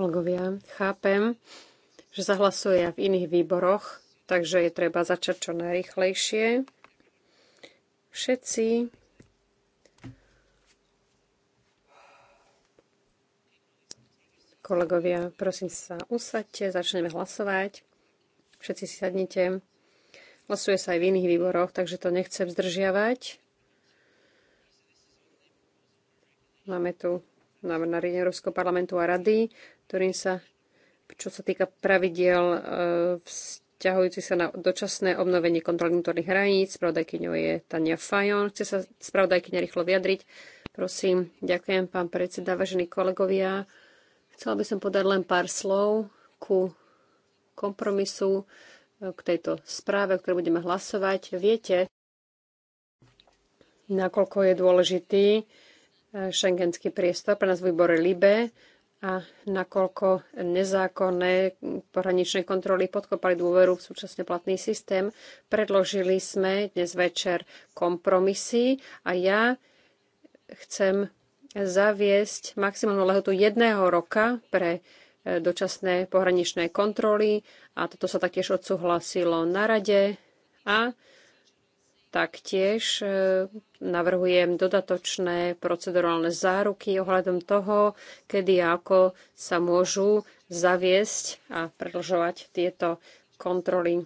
Kolegovia, chápem, že sa hlasuje v iných výboroch, takže je treba začať čo najrychlejšie. Všetci kolegovia, prosím sa, usaďte, začneme hlasovať. Všetci si sadnite. Hlasuje sa aj v iných výboroch, takže to nechcem zdržiavať. Máme tu návrh na Európskeho parlamentu a rady ktorým sa, čo sa týka pravidiel e, vzťahujúci sa na dočasné obnovenie kontroly vnútorných hraníc. Spravodajkyňou je Tania Fajon. Chce sa spravodajkyňa rýchlo vyjadriť. Prosím, ďakujem, pán predseda, vážení kolegovia. Chcela by som podať len pár slov ku kompromisu e, k tejto správe, o ktorej budeme hlasovať. Viete, nakoľko je dôležitý e, šengenský priestor pre nás výbore LIBE a nakoľko nezákonné pohraničné kontroly podkopali dôveru v súčasne platný systém, predložili sme dnes večer kompromisy a ja chcem zaviesť maximálnu lehotu jedného roka pre e, dočasné pohraničné kontroly a toto sa taktiež odsúhlasilo na rade a Taktiež e, navrhujem dodatočné procedurálne záruky ohľadom toho, kedy a ako sa môžu zaviesť a predlžovať tieto kontroly.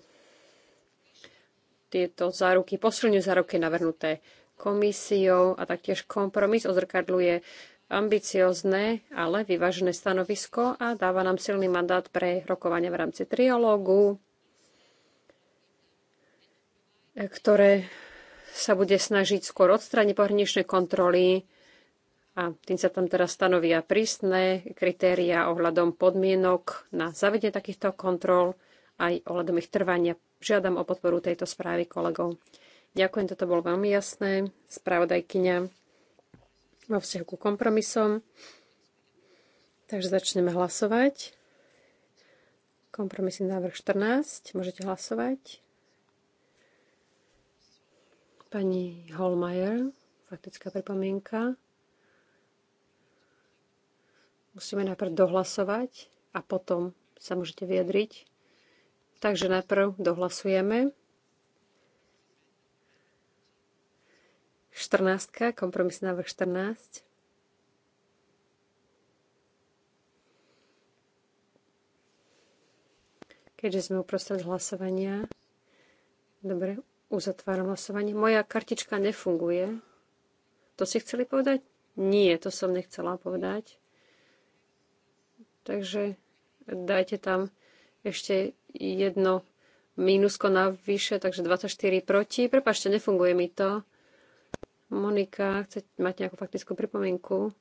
Tieto záruky posilňujú záruky navrhnuté komisiou a taktiež kompromis odzrkadľuje ambiciozne, ale vyvážené stanovisko a dáva nám silný mandát pre rokovania v rámci triológu ktoré sa bude snažiť skôr odstrániť pohraničné kontroly a tým sa tam teraz stanovia prísne kritéria ohľadom podmienok na zavedenie takýchto kontrol aj ohľadom ich trvania. Žiadam o podporu tejto správy kolegov. Ďakujem, toto bolo veľmi jasné. Spravodajkyňa vo vzťahu ku kompromisom. Takže začneme hlasovať. Kompromisný návrh 14. Môžete hlasovať. Pani Holmajer, faktická pripomienka. Musíme najprv dohlasovať a potom sa môžete vyjadriť. Takže najprv dohlasujeme. 14, kompromis návrh 14. Keďže sme uprostred hlasovania. Dobre, Uzatváram hlasovanie. Moja kartička nefunguje. To si chceli povedať? Nie, to som nechcela povedať. Takže dajte tam ešte jedno mínusko navyše, takže 24 proti. Prepašte, nefunguje mi to. Monika, chce, mať nejakú faktickú pripomienku?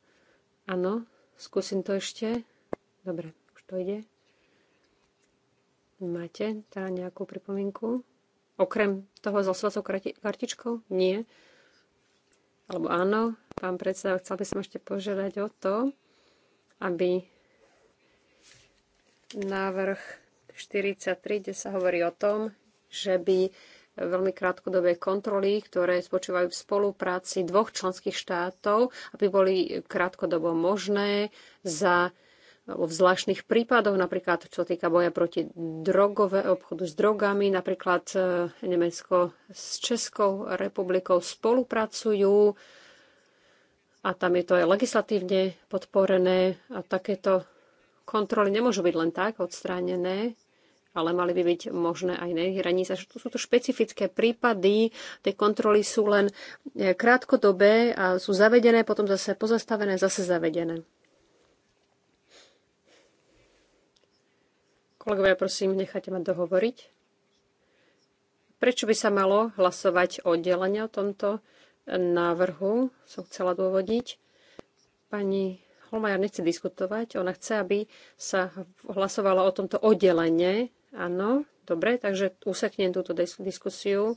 Áno, skúsim to ešte. Dobre, už to ide. Máte tá teda nejakú pripomienku? Okrem toho s hlasovacou kartičkou? Nie. Alebo áno, pán predseda, chcel by som ešte požiadať o to, aby návrh 43, kde sa hovorí o tom, že by veľmi krátkodobé kontroly, ktoré spočívajú v spolupráci dvoch členských štátov, aby boli krátkodobo možné za vo zvláštnych prípadoch, napríklad čo týka boja proti drogové, obchodu s drogami, napríklad e, Nemecko s Českou republikou spolupracujú a tam je to aj legislatívne podporené a takéto kontroly nemôžu byť len tak odstránené, ale mali by byť možné aj na hranice. To sú to špecifické prípady, tie kontroly sú len e, krátkodobé a sú zavedené, potom zase pozastavené, zase zavedené. Kolegovia, prosím, nechajte ma dohovoriť. Prečo by sa malo hlasovať o oddelenia o tomto návrhu, som chcela dôvodiť. Pani Holmajer nechce diskutovať, ona chce, aby sa hlasovalo o tomto oddelenie. Áno, dobre, takže useknem túto diskusiu.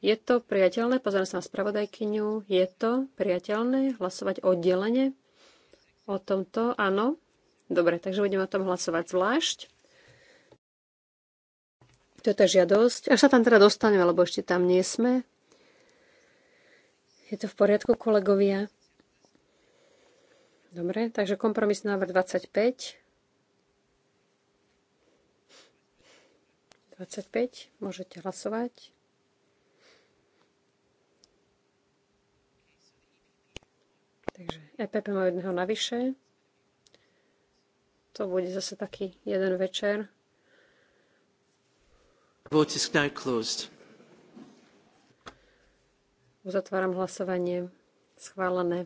Je to priateľné? Pozerám sa na spravodajkyňu. Je to priateľné hlasovať oddelenie o tomto? Áno. Dobre, takže budeme o tom hlasovať zvlášť. To je žiadosť. Až sa tam teda dostaneme, lebo ešte tam nie sme. Je to v poriadku, kolegovia? Dobre, takže kompromis návrh 25. 25, môžete hlasovať. Takže EPP má jedného navyše. To bude zase taký jeden večer. Uzatváram hlasovanie. Schválené.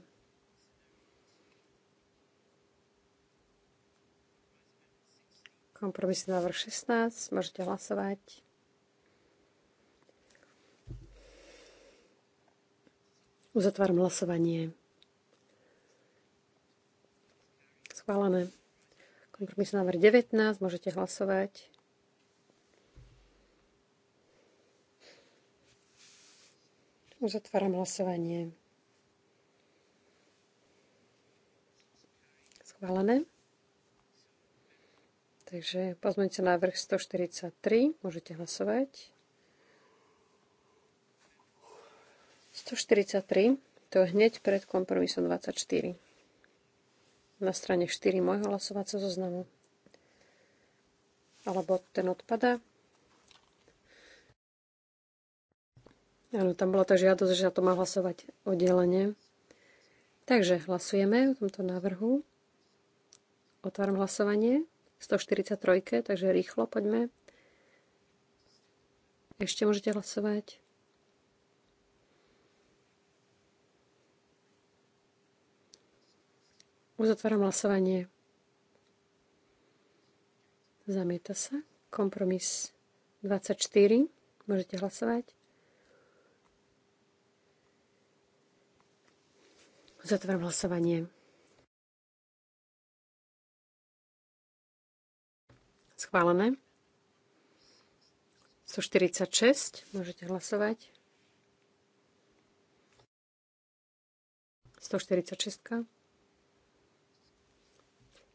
Kompromisný návrh 16. Môžete hlasovať. Uzatváram hlasovanie. Schválené. Kompromisný návrh 19. Môžete hlasovať. Uzatváram hlasovanie. Schválené. Takže pozmeňte návrh 143, môžete hlasovať. 143, to je hneď pred kompromisom 24. Na strane 4 môjho hlasovacieho zoznamu. Alebo ten odpada. Áno, tam bola tá žiadosť, že sa to má hlasovať oddelenie. Takže hlasujeme o tomto návrhu. Otváram hlasovanie. 143, takže rýchlo poďme. Ešte môžete hlasovať. Uzatváram hlasovanie. Zamieta sa. Kompromis 24. Môžete hlasovať. Uzatváram hlasovanie. Schválené. 146. Môžete hlasovať. 146.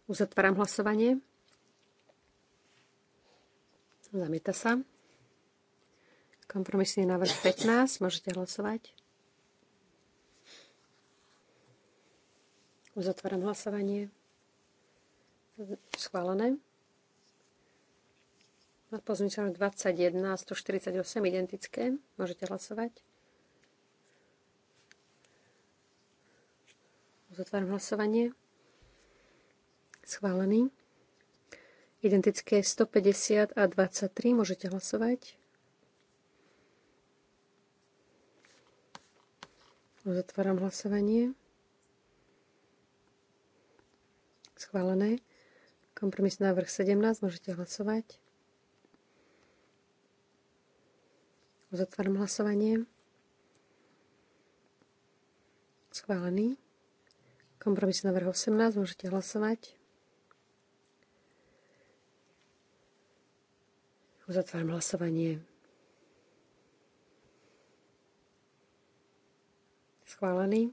Uzatváram hlasovanie. Zamieta sa. Kompromisný návrh 15. Môžete hlasovať. Uzatváram hlasovanie. Schválené. Pozmeňujem 21 a 148 identické. Môžete hlasovať. Uzatváram hlasovanie. Schválený. Identické 150 a 23. Môžete hlasovať. Uzatváram hlasovanie. Schválené. Kompromis návrh 17. Môžete hlasovať. Uzatváram hlasovanie. Schválený. Kompromis návrh 18. Môžete hlasovať. Uzatváram hlasovanie. Schválený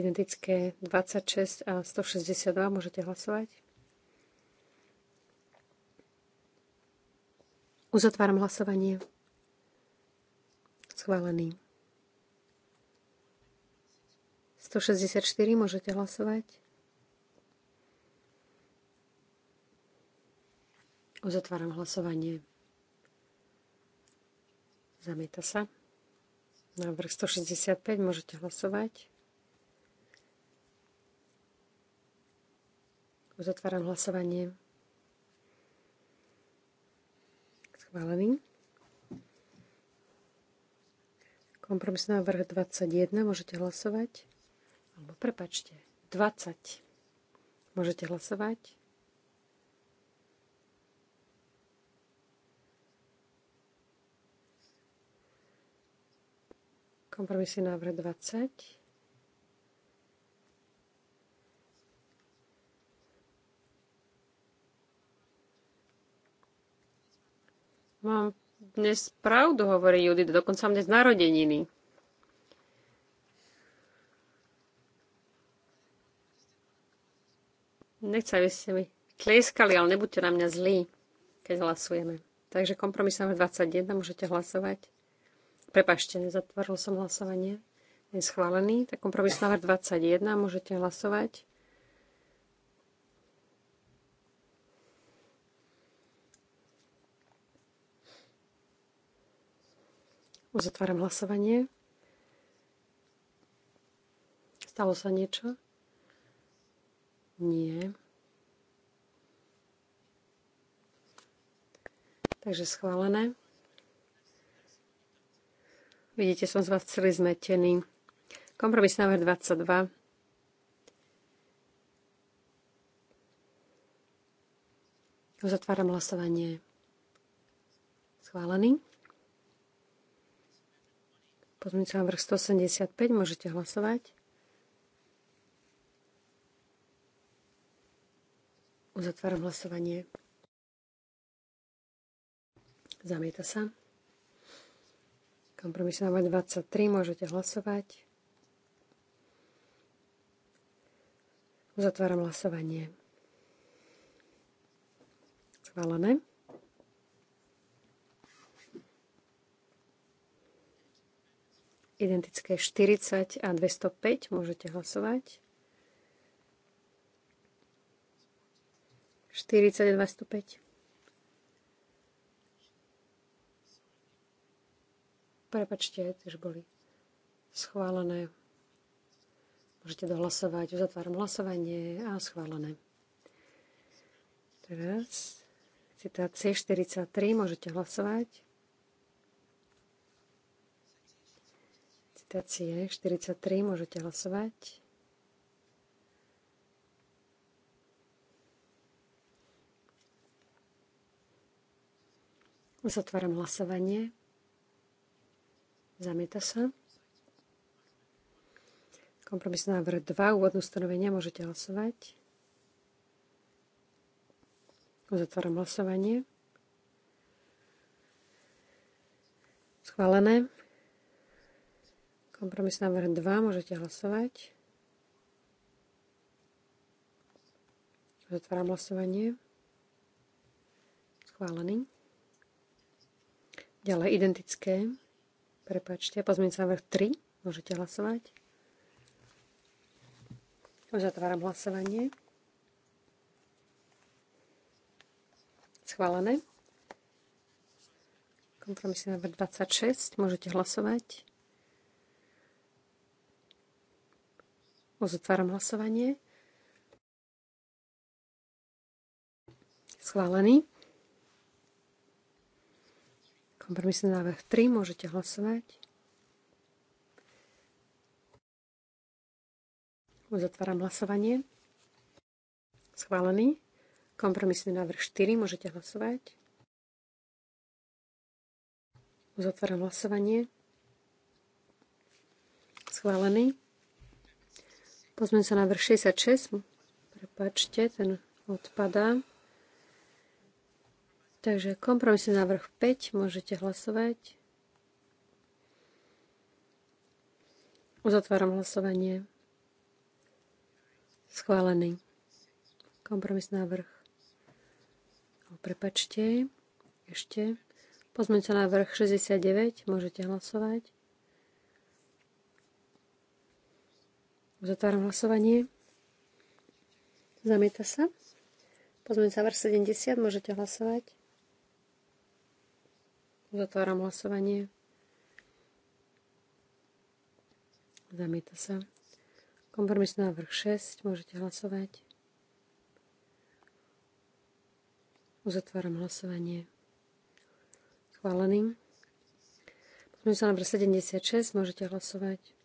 identické 26 a 162. Môžete hlasovať. Uzatváram hlasovanie. Schválený. 164 môžete hlasovať. Uzatváram hlasovanie. Zamieta sa. Návrh 165 môžete hlasovať. Uzatváram hlasovanie. Schválený. na návrh 21, môžete hlasovať. Alebo prepačte, 20. Môžete hlasovať. Kompromisný návrh 20. Mám dnes pravdu, hovorí Judy, dokonca mám dnes narodeniny. Nechcem, aby ste mi tlieskali, ale nebuďte na mňa zlí, keď hlasujeme. Takže kompromis 21, môžete hlasovať. Prepašte, nezatvoril som hlasovanie. Je schválený. Tak kompromis návrh 21, môžete hlasovať. Uzatváram hlasovanie. Stalo sa niečo? Nie. Takže schválené. Vidíte, som z vás celý zmetený. Kompromis návrh 22. Uzatváram hlasovanie. Schválený. Pozmeňujúci vrch 175, môžete hlasovať. Uzatváram hlasovanie. Zamieta sa. Kompromis návrh 23, môžete hlasovať. Uzatváram hlasovanie. Schválené. identické 40 a 205. Môžete hlasovať. 40 a 205. Prepačte, tiež boli schválené. Môžete dohlasovať. Uzatváram hlasovanie a schválené. Teraz citácie 43. Môžete hlasovať. meditácie 43, môžete hlasovať. Zatváram hlasovanie. Zamieta sa. Kompromis návrh 2, úvodné ustanovenia, môžete hlasovať. Uzatváram hlasovanie. Schválené. Kompromis návrh 2, môžete hlasovať. Zatváram hlasovanie. Schválený. Ďalej identické. Prepačte, sa návrh 3, môžete hlasovať. Zatváram hlasovanie. Schválené. Kompromisný návrh 26, môžete hlasovať. Uzatváram hlasovanie. Schválený. Kompromisný návrh 3. Môžete hlasovať. Uzatváram hlasovanie. Schválený. Kompromisný návrh 4. Môžete hlasovať. Uzatváram hlasovanie. Schválený. Pozme sa na vrch 66. Prepačte, ten odpadá. Takže kompromisný návrh 5, môžete hlasovať. Uzatváram hlasovanie. Schválený. Kompromisný návrh. prepačte, ešte. Pozmeň sa návrh 69, môžete hlasovať. Uzatváram hlasovanie. Zamieta sa. Pozmeň sa 70, môžete hlasovať. Uzatváram hlasovanie. Zamieta sa. Kompromisný návrh 6, môžete hlasovať. Uzatváram hlasovanie. Schválený. Pozmeňujem sa na 76, môžete hlasovať.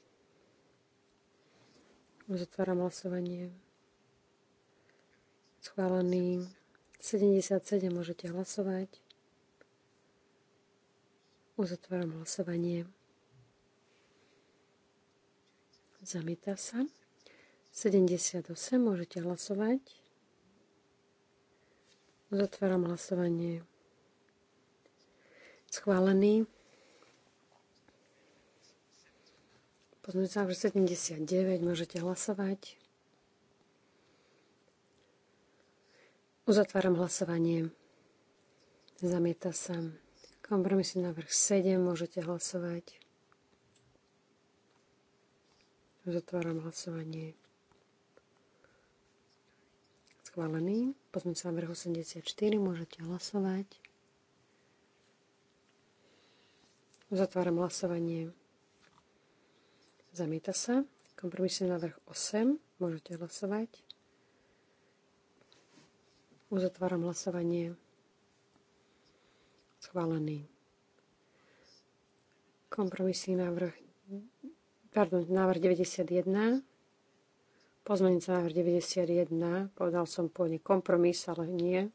Uzatváram hlasovanie. Schválený. 77 môžete hlasovať. Uzatváram hlasovanie. Zamieta sa. 78 môžete hlasovať. Uzatváram hlasovanie. Schválený. sa návrh 79, môžete hlasovať. Uzatváram hlasovanie. Zamieta sa. Kompromisný návrh 7, môžete hlasovať. Uzatváram hlasovanie. Schválený. sa návrh 84, môžete hlasovať. Uzatváram hlasovanie. Zamieta sa. Kompromisný návrh 8. Môžete hlasovať. Uzatváram hlasovanie. Schválený. Kompromisný návrh pardon, návrh 91. Pozmenica návrh 91. Povedal som pôvodne kompromis, ale nie.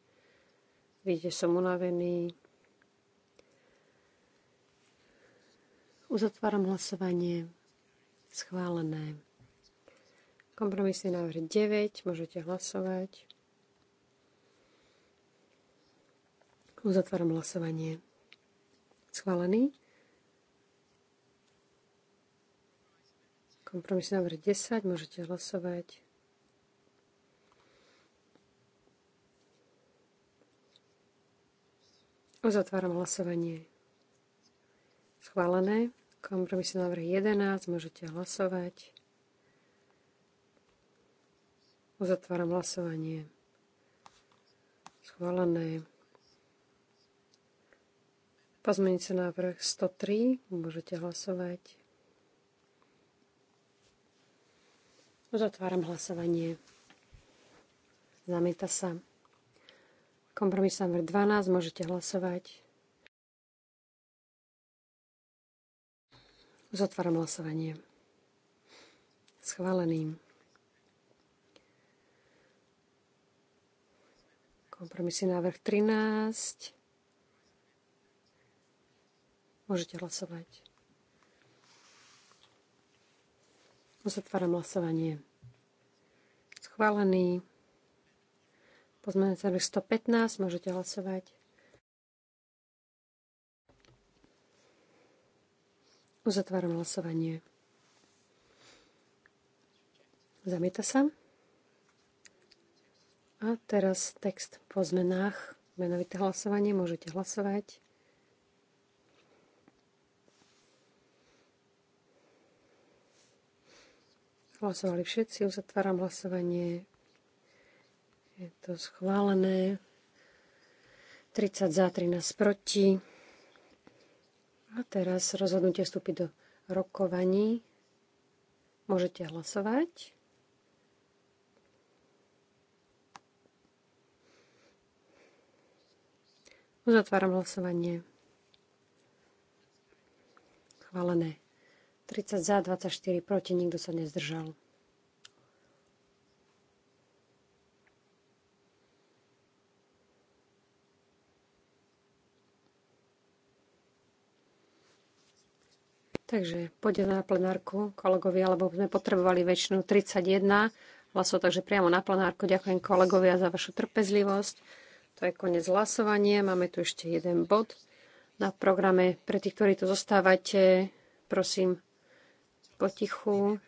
Vidíte, som unavený. Uzatváram hlasovanie. Schválené. Kompromisný návrh 9. Môžete hlasovať. Uzatváram hlasovanie. Schválený. Kompromisný návrh 10. Môžete hlasovať. Uzatváram hlasovanie. Schválené. Kompromisný návrh 11, môžete hlasovať. Uzatváram hlasovanie. Schválené. sa návrh 103, môžete hlasovať. Uzatváram hlasovanie. Zamieta sa. Kompromis návrh 12, môžete hlasovať. Zotváram hlasovanie. Schválený. Kompromisný návrh 13. Môžete hlasovať. Zatváram hlasovanie. Schválený. Pozmeňujúci návrh 115. Môžete hlasovať. Uzatváram hlasovanie. Zamieta sa. A teraz text po zmenách. Menovité hlasovanie. Môžete hlasovať. Hlasovali všetci. Uzatváram hlasovanie. Je to schválené. 30 za, 13 proti. A teraz rozhodnutie vstúpiť do rokovaní. Môžete hlasovať. Uzatváram hlasovanie. Chválené. 30 za, 24 proti, nikto sa nezdržal. Takže pôjde na plenárku, kolegovia, lebo sme potrebovali väčšinu 31 hlasov, takže priamo na plenárku. Ďakujem kolegovia za vašu trpezlivosť. To je koniec hlasovania. Máme tu ešte jeden bod na programe. Pre tých, ktorí tu zostávate, prosím, potichu.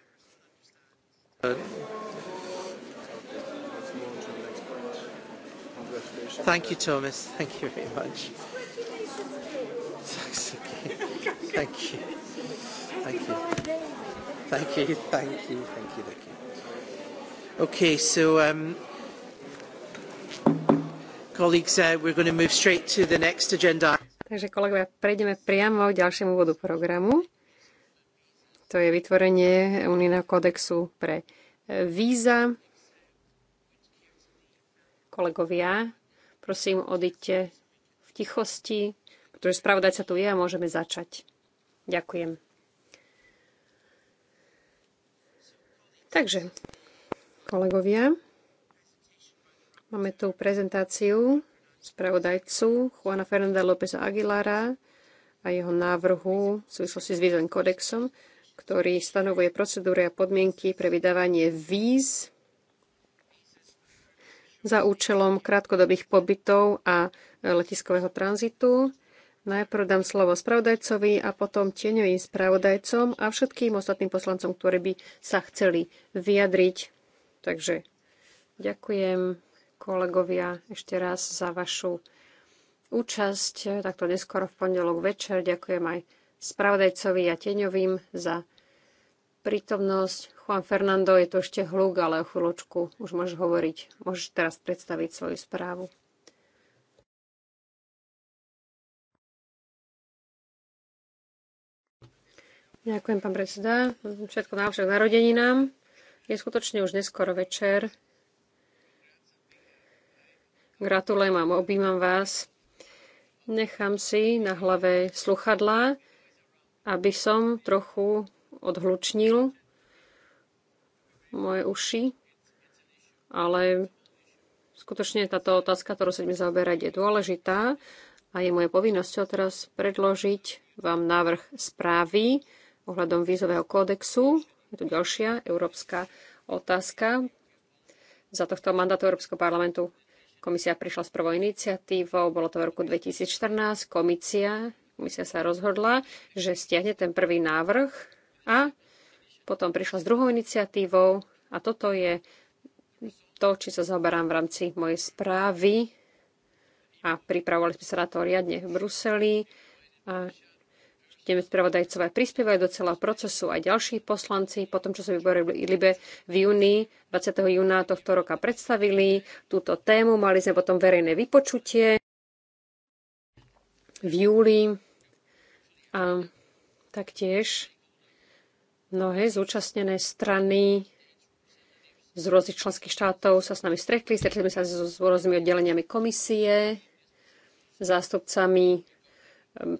Thank you, Thomas. Thank you very much. Thank you. Thank you. Thank you, thank you, thank you, thank you. Okay, so um, colleagues, uh, we're going to move straight to the next agenda. Takže kolegovia, prejdeme priamo k ďalšiemu bodu programu. To je vytvorenie unijného kodexu pre e, víza. Kolegovia, prosím, odíďte v tichosti, pretože spravodajca tu je a môžeme začať. Ďakujem. Takže, kolegovia, máme tu prezentáciu spravodajcu Juana Fernanda Lópeza Aguilara a jeho návrhu v súvislosti s vízovým kodexom, ktorý stanovuje procedúry a podmienky pre vydávanie víz za účelom krátkodobých pobytov a letiskového tranzitu. Najprv dám slovo spravodajcovi a potom tieňovým spravodajcom a všetkým ostatným poslancom, ktorí by sa chceli vyjadriť. Takže ďakujem kolegovia ešte raz za vašu účasť takto neskoro v pondelok večer. Ďakujem aj spravodajcovi a tieňovým za prítomnosť. Juan Fernando, je to ešte hluk, ale o chvíľočku už môžeš hovoriť. Môžeš teraz predstaviť svoju správu. Ďakujem, pán predseda. Všetko najlepšie k narodeninám. Je skutočne už neskoro večer. Gratulujem vám, objímam vás. Nechám si na hlave sluchadla, aby som trochu odhlučnil moje uši, ale skutočne táto otázka, ktorú sa mi zaoberať, je dôležitá a je moje povinnosťou teraz predložiť vám návrh správy, ohľadom vízového kódexu. Je tu ďalšia európska otázka. Za tohto mandátu Európskeho parlamentu komisia prišla s prvou iniciatívou, bolo to v roku 2014, komisia, komisia sa rozhodla, že stiahne ten prvý návrh a potom prišla s druhou iniciatívou a toto je to, či sa zaoberám v rámci mojej správy a pripravovali sme sa na to riadne v Bruseli. A mi spravodajcovia prispievajú do celého procesu aj ďalší poslanci. Po tom, čo sme v Libe v júni, 20. júna tohto roka predstavili túto tému, mali sme potom verejné vypočutie v júli a taktiež mnohé zúčastnené strany z rôznych členských štátov sa s nami stretli, stretli sme sa s rôznymi oddeleniami komisie, zástupcami um,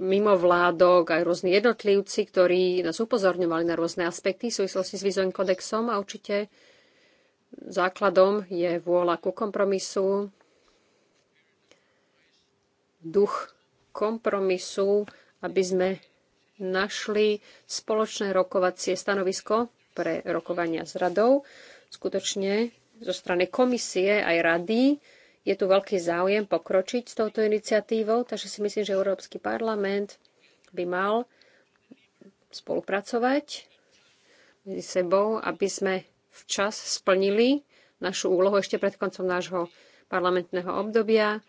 mimo vládok aj rôzni jednotlivci, ktorí nás upozorňovali na rôzne aspekty v súvislosti s vizovým kodexom a určite základom je vôľa ku kompromisu, duch kompromisu, aby sme našli spoločné rokovacie stanovisko pre rokovania s radou. Skutočne zo strany komisie aj rady je tu veľký záujem pokročiť s touto iniciatívou, takže si myslím, že Európsky parlament by mal spolupracovať medzi sebou, aby sme včas splnili našu úlohu ešte pred koncom nášho parlamentného obdobia,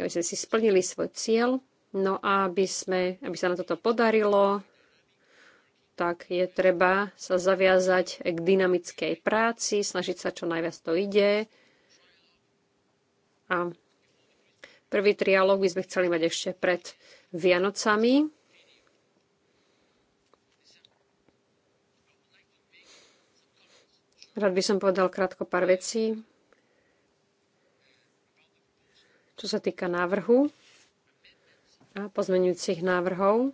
aby sme si splnili svoj cieľ. No a aby, sme, aby sa nám toto podarilo, tak je treba sa zaviazať k dynamickej práci, snažiť sa čo najviac to ide, a prvý trialóg by sme chceli mať ešte pred Vianocami. Rád by som povedal krátko pár vecí, čo sa týka návrhu a pozmenujúcich návrhov,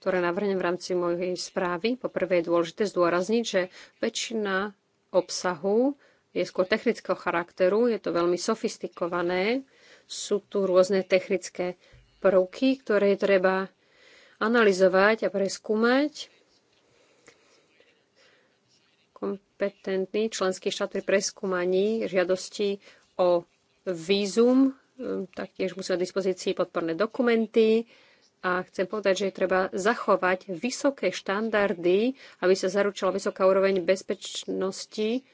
ktoré navrhnem v rámci mojej správy. Poprvé je dôležité zdôrazniť, že väčšina obsahu je skôr technického charakteru, je to veľmi sofistikované, sú tu rôzne technické prvky, ktoré treba analyzovať a preskúmať. Kompetentný členský štát pri preskúmaní žiadosti o vízum, ehm, taktiež musia v dispozícii podporné dokumenty a chcem povedať, že je treba zachovať vysoké štandardy, aby sa zaručila vysoká úroveň bezpečnosti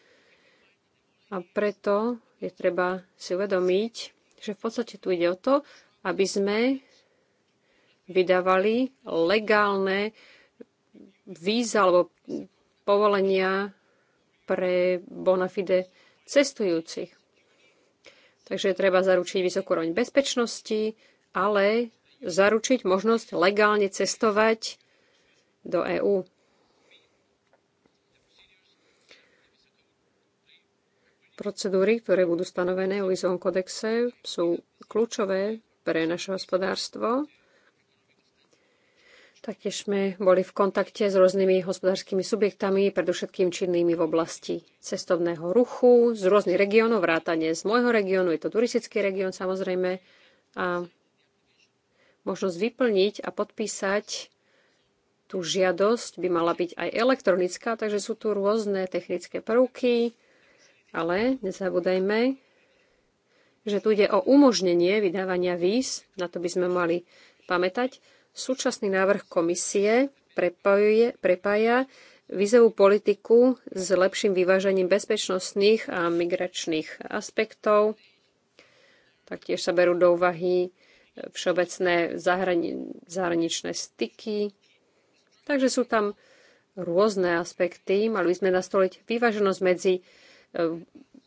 a preto je treba si uvedomiť, že v podstate tu ide o to, aby sme vydávali legálne víza alebo povolenia pre bona fide cestujúcich. Takže treba zaručiť vysokú roň bezpečnosti, ale zaručiť možnosť legálne cestovať do EÚ. Procedúry, ktoré budú stanovené v Lizovom kodexe, sú kľúčové pre naše hospodárstvo. Taktiež sme boli v kontakte s rôznymi hospodárskymi subjektami, predovšetkým činnými v oblasti cestovného ruchu, z rôznych regiónov, vrátane z môjho regiónu, je to turistický región samozrejme, a možnosť vyplniť a podpísať tú žiadosť by mala byť aj elektronická, takže sú tu rôzne technické prvky, ale nezabúdajme, že tu ide o umožnenie vydávania víz, na to by sme mali pamätať. Súčasný návrh komisie prepájuje, prepája vízovú politiku s lepším vyvážením bezpečnostných a migračných aspektov. Taktiež sa berú do úvahy všeobecné zahrani- zahraničné styky. Takže sú tam rôzne aspekty. Mali by sme nastoliť vyváženosť medzi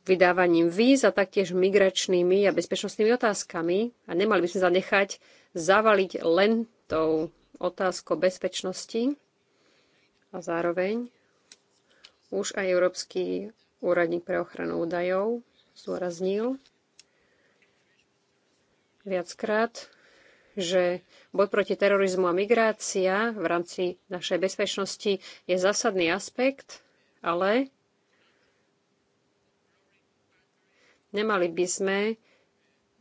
vydávaním víz a taktiež migračnými a bezpečnostnými otázkami. A nemali by sme zanechať zavaliť len tou otázkou bezpečnosti a zároveň už aj Európsky úradník pre ochranu údajov zdôraznil viackrát, že boj proti terorizmu a migrácia v rámci našej bezpečnosti je zásadný aspekt, ale Nemali by sme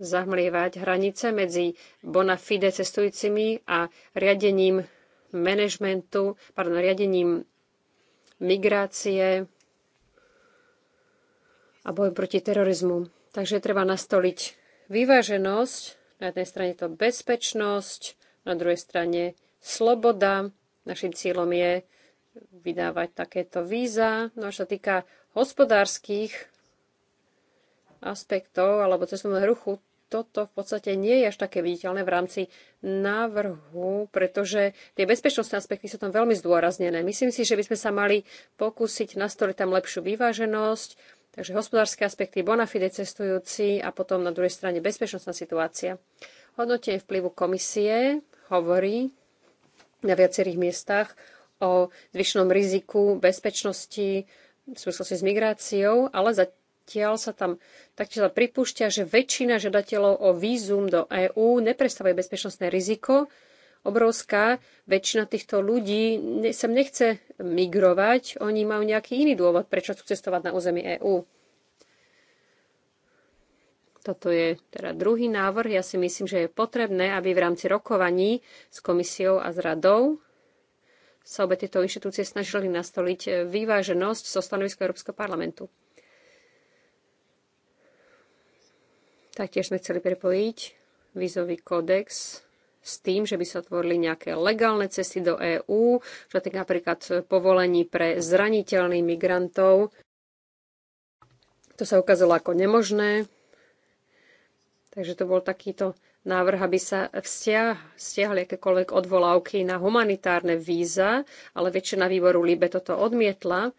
zahmlievať hranice medzi bona fide cestujúcimi a riadením manažmentu, pardon, riadením migrácie a boj proti terorizmu. Takže treba nastoliť vyváženosť, na jednej strane to bezpečnosť, na druhej strane sloboda. Našim cieľom je vydávať takéto víza. No a čo sa týka hospodárskych aspektov alebo cestovného ruchu, toto v podstate nie je až také viditeľné v rámci návrhu, pretože tie bezpečnostné aspekty sú tam veľmi zdôraznené. Myslím si, že by sme sa mali pokúsiť nastoliť tam lepšiu vyváženosť, takže hospodárske aspekty, bona fide cestujúci a potom na druhej strane bezpečnostná situácia. Hodnotenie vplyvu komisie hovorí na viacerých miestach o zvyšnom riziku bezpečnosti v súvislosti s migráciou, ale zatiaľ sa tam taktiež pripúšťa, že väčšina žiadateľov o vízum do EÚ neprestavuje bezpečnostné riziko. Obrovská väčšina týchto ľudí sem nechce migrovať, oni majú nejaký iný dôvod, prečo chcú cestovať na území EÚ. Toto je teda druhý návrh. Ja si myslím, že je potrebné, aby v rámci rokovaní s komisiou a s radou sa obe tieto inštitúcie snažili nastoliť eh, vyváženosť so stanoviskom Európskeho parlamentu. Taktiež sme chceli prepojiť vízový kódex s tým, že by sa tvorili nejaké legálne cesty do EÚ, čo tak napríklad povolení pre zraniteľných migrantov. To sa ukázalo ako nemožné. Takže to bol takýto návrh, aby sa vzťah, stiahli akékoľvek odvolávky na humanitárne víza, ale väčšina výboru Libe toto odmietla,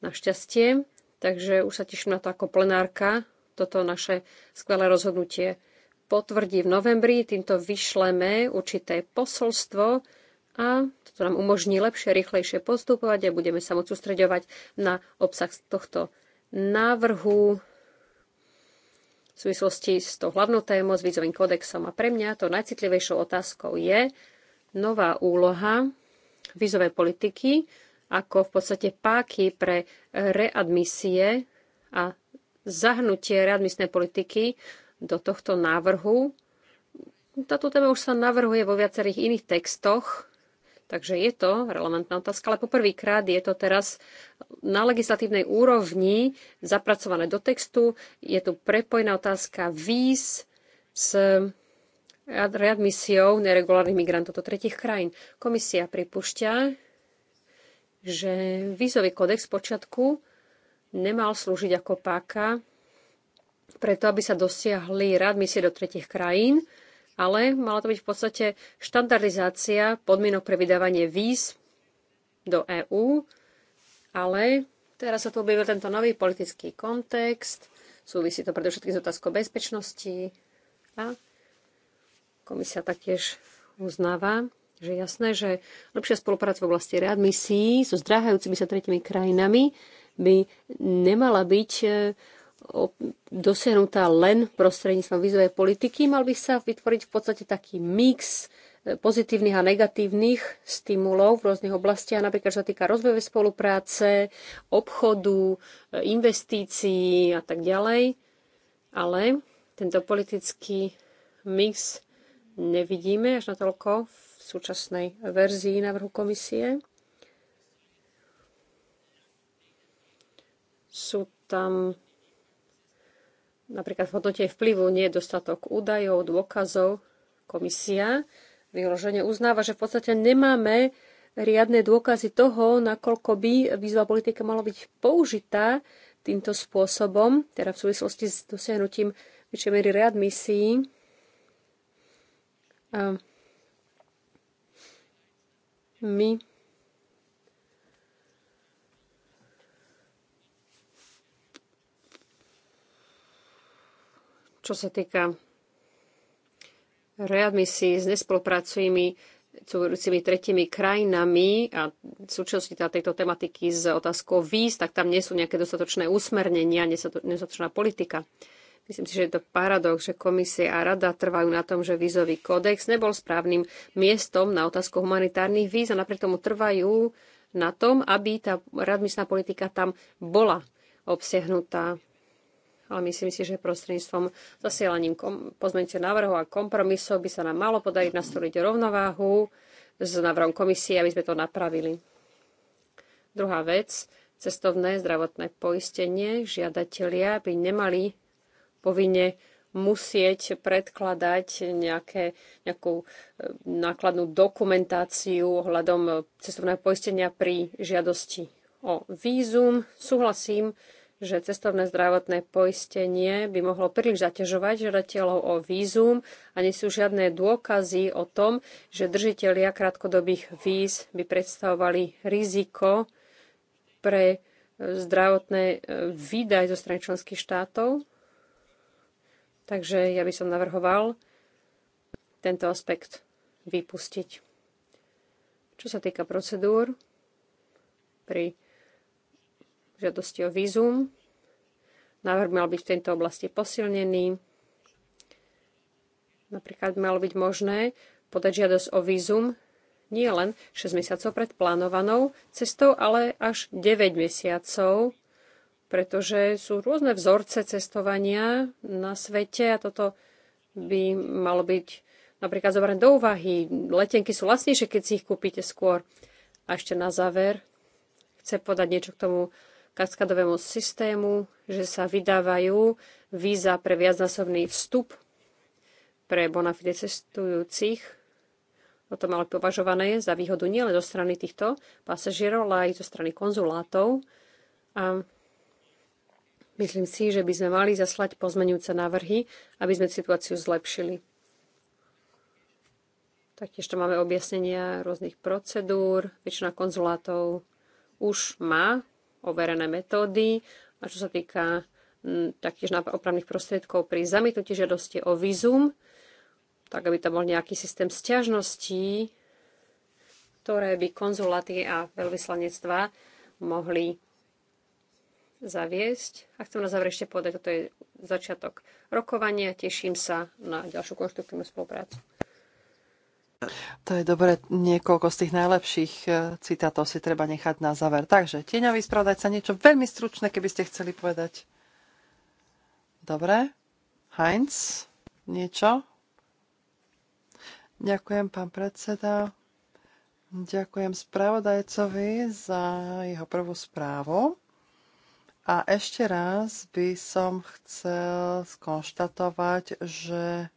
našťastie. Takže už sa teším na to ako plenárka toto naše skvelé rozhodnutie potvrdí v novembri. Týmto vyšleme určité posolstvo a toto nám umožní lepšie, rýchlejšie postupovať a budeme sa môcť sústreďovať na obsah tohto návrhu v súvislosti s tou hlavnou témou, s vízovým kodexom. A pre mňa to najcitlivejšou otázkou je nová úloha vízovej politiky ako v podstate páky pre readmisie a zahnutie readmisnej politiky do tohto návrhu. Táto téma už sa navrhuje vo viacerých iných textoch, takže je to relevantná otázka, ale poprvýkrát je to teraz na legislatívnej úrovni zapracované do textu. Je tu prepojená otázka víz s readmisiou neregulárnych migrantov do tretich krajín. Komisia pripúšťa, že vízový kodex počiatku nemal slúžiť ako páka, preto aby sa dosiahli misie do tretich krajín, ale mala to byť v podstate štandardizácia podmienok pre vydávanie víz do EÚ, ale teraz sa tu objavil tento nový politický kontext, súvisí to predovšetkým s otázkou bezpečnosti a komisia taktiež uznáva, že jasné, že lepšia spolupráca v oblasti readmisí so zdráhajúcimi sa tretimi krajinami by nemala byť e, dosiahnutá len prostredníctvom vízovej politiky, mal by sa vytvoriť v podstate taký mix e, pozitívnych a negatívnych stimulov v rôznych oblastiach, napríklad čo sa týka rozvojovej spolupráce, obchodu, e, investícií a tak ďalej. Ale tento politický mix nevidíme až natoľko v súčasnej verzii návrhu komisie. sú tam napríklad v hodnote vplyvu nie je dostatok údajov, dôkazov. Komisia vyložene uznáva, že v podstate nemáme riadne dôkazy toho, nakoľko by výzva politika mala byť použitá týmto spôsobom, teda v súvislosti s dosiahnutím väčšej miery readmisií. my čo sa týka readmisí s nespolupracujúcimi tretimi krajinami a v súčasnosti teda tejto tematiky s otázkou víz, tak tam nie sú nejaké dostatočné usmernenia, nedostatočná politika. Myslím si, že je to paradox, že komisie a rada trvajú na tom, že vízový kódex nebol správnym miestom na otázku humanitárnych víz a napriek tomu trvajú na tom, aby tá readmisná politika tam bola obsiahnutá ale myslím si, že prostredníctvom zasielaním pozmeňujúceho návrhu a kompromisov by sa nám malo podariť nastoliť rovnováhu s návrhom komisie, aby sme to napravili. Druhá vec, cestovné zdravotné poistenie. Žiadatelia by nemali povinne musieť predkladať nejaké, nejakú e, nákladnú dokumentáciu ohľadom cestovného poistenia pri žiadosti o vízum. Súhlasím že cestovné zdravotné poistenie by mohlo príliš zaťažovať žiadateľov o vízum a nie sú žiadne dôkazy o tom, že držiteľia krátkodobých víz by predstavovali riziko pre e, zdravotné e, výdaj zo strany členských štátov. Takže ja by som navrhoval tento aspekt vypustiť. Čo sa týka procedúr pri žiadosti o vízum. Návrh mal byť v tejto oblasti posilnený. Napríklad malo byť možné podať žiadosť o vízum nie len 6 mesiacov pred plánovanou cestou, ale až 9 mesiacov, pretože sú rôzne vzorce cestovania na svete a toto by malo byť napríklad zobrané do úvahy. Letenky sú lacnejšie, keď si ich kúpite skôr. A ešte na záver chcem podať niečo k tomu kaskadovému systému, že sa vydávajú víza pre viacnásobný vstup pre bonafide cestujúcich. O tom malo považované za výhodu nielen zo strany týchto pasažierov, ale aj zo strany konzulátov. A myslím si, že by sme mali zaslať pozmenujúce návrhy, aby sme situáciu zlepšili. Taktiež to máme objasnenia rôznych procedúr. Väčšina konzulátov už má overené metódy. A čo sa týka taktiež opravných prostriedkov pri zamietnutí žiadosti o vízum, tak aby to bol nejaký systém sťažností, ktoré by konzuláty a veľvyslanectva mohli zaviesť. A chcem na záver ešte povedať, toto je začiatok rokovania. Teším sa na ďalšiu konštruktívnu spoluprácu. To je dobre, niekoľko z tých najlepších e, citátov si treba nechať na záver. Takže, tieňový spravodajca, niečo veľmi stručné, keby ste chceli povedať. Dobre. Heinz, niečo? Ďakujem, pán predseda. Ďakujem spravodajcovi za jeho prvú správu. A ešte raz by som chcel skonštatovať, že